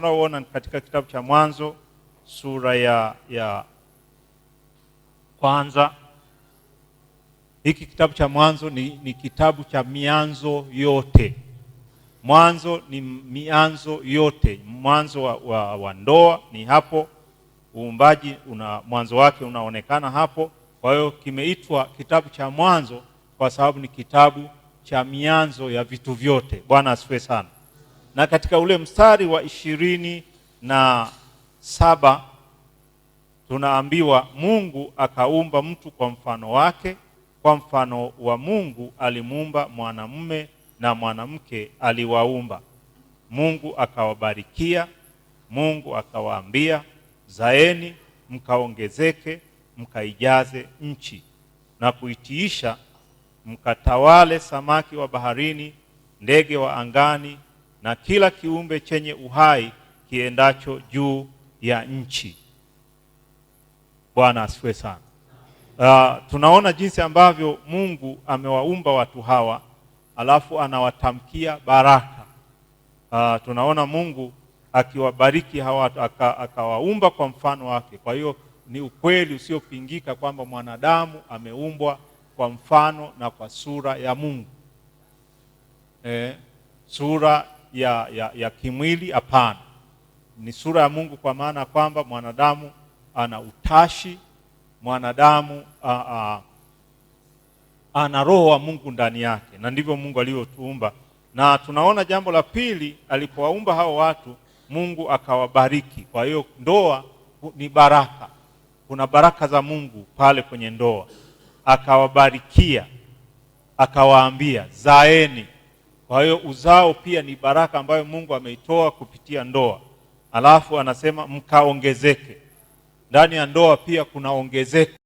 tunaoona katika kitabu cha Mwanzo sura ya, ya kwanza. Hiki kitabu cha Mwanzo ni, ni kitabu cha mianzo yote. Mwanzo ni mianzo yote, mwanzo wa, wa, wa ndoa ni hapo, uumbaji una mwanzo wake unaonekana hapo. Kwa hiyo kimeitwa kitabu cha Mwanzo kwa sababu ni kitabu cha mianzo ya vitu vyote. Bwana asifiwe sana na katika ule mstari wa ishirini na saba tunaambiwa Mungu akaumba mtu kwa mfano wake, kwa mfano wa Mungu alimuumba mwanamume na mwanamke aliwaumba. Mungu akawabarikia, Mungu akawaambia, zaeni mkaongezeke, mkaijaze nchi na kuitiisha, mkatawale samaki wa baharini, ndege wa angani na kila kiumbe chenye uhai kiendacho juu ya nchi. Bwana asifiwe sana. Uh, tunaona jinsi ambavyo Mungu amewaumba watu hawa alafu anawatamkia baraka. Uh, tunaona Mungu akiwabariki hawa akawaumba aka kwa mfano wake. Kwa hiyo ni ukweli usiopingika kwamba mwanadamu ameumbwa kwa mfano na kwa sura ya Mungu. Eh, sura ya, ya, ya kimwili. Hapana, ni sura ya Mungu, kwa maana kwamba mwanadamu ana utashi, mwanadamu a, a, ana roho wa Mungu ndani yake, na ndivyo Mungu alivyotuumba. Na tunaona jambo la pili, alipowaumba hao watu Mungu akawabariki. Kwa hiyo ndoa ni baraka, kuna baraka za Mungu pale kwenye ndoa. Akawabarikia, akawaambia zaeni kwa hiyo uzao pia ni baraka ambayo Mungu ameitoa kupitia ndoa. Alafu anasema mkaongezeke. Ndani ya ndoa pia kuna ongezeko.